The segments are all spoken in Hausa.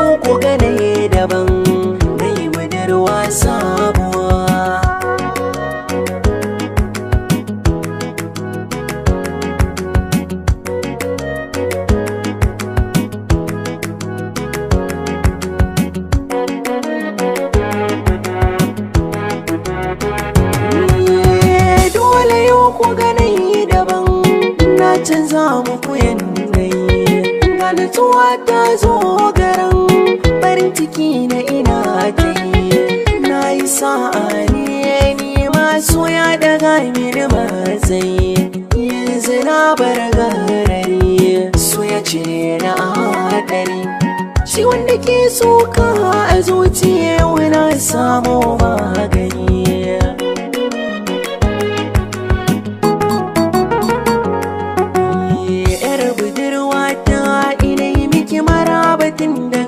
yau ku gane daban na yi budurwa sabuwa eh, dole yau ku gane daban na zo ki na ina ta yi na yi sa'a ne ni masu ya daga mini matsayi yanzu na bar garari so ya ce na haɗari shi wanda ke soka a zuciya wani samu magani yar da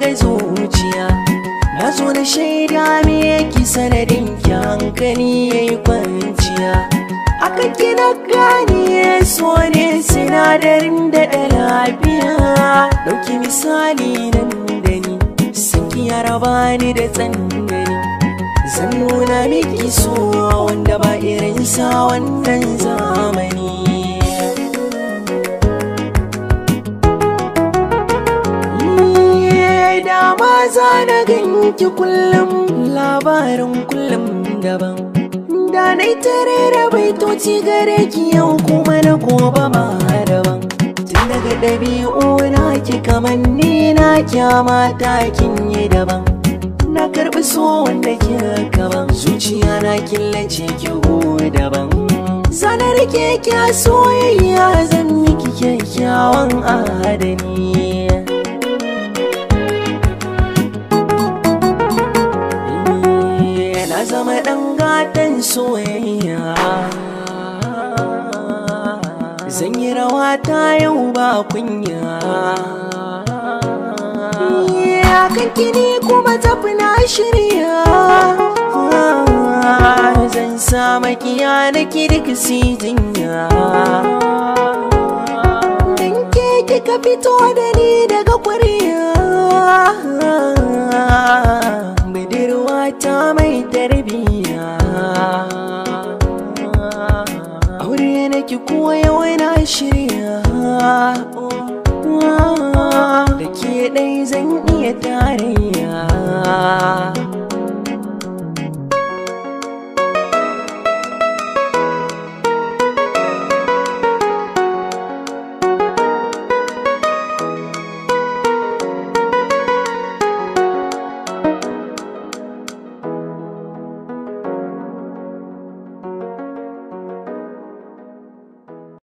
so na shaida me yake sanadin kyankani yayi kwanciya aka ki gani gane ne sinadarin da lafiya dauki misali nan da ni saki yarabani da tsandani zan nuna miki so wanda ba irin sa wannan zamani zana na ganki kullum labarin kullum daban da na yi tare da baitoci gare ki yau kuma na gobe ba daban tun daga ɗabi'u na ki ni na ta kin yi daban na karɓi so wanda ke kaban. zuciya na killace ki daban sanar ke kya soyayya zan yi kyakkyawan adani soyayya zan yi rawa ta yau ba kunya ya kanki ne kuma tafi na shirya zan sa makiya na kirki si jinya ke kika fito da ni daga kwarya budurwa ta mai tarbiyya ki kuwa yawai na shirya da ke ɗai zan iya tarayya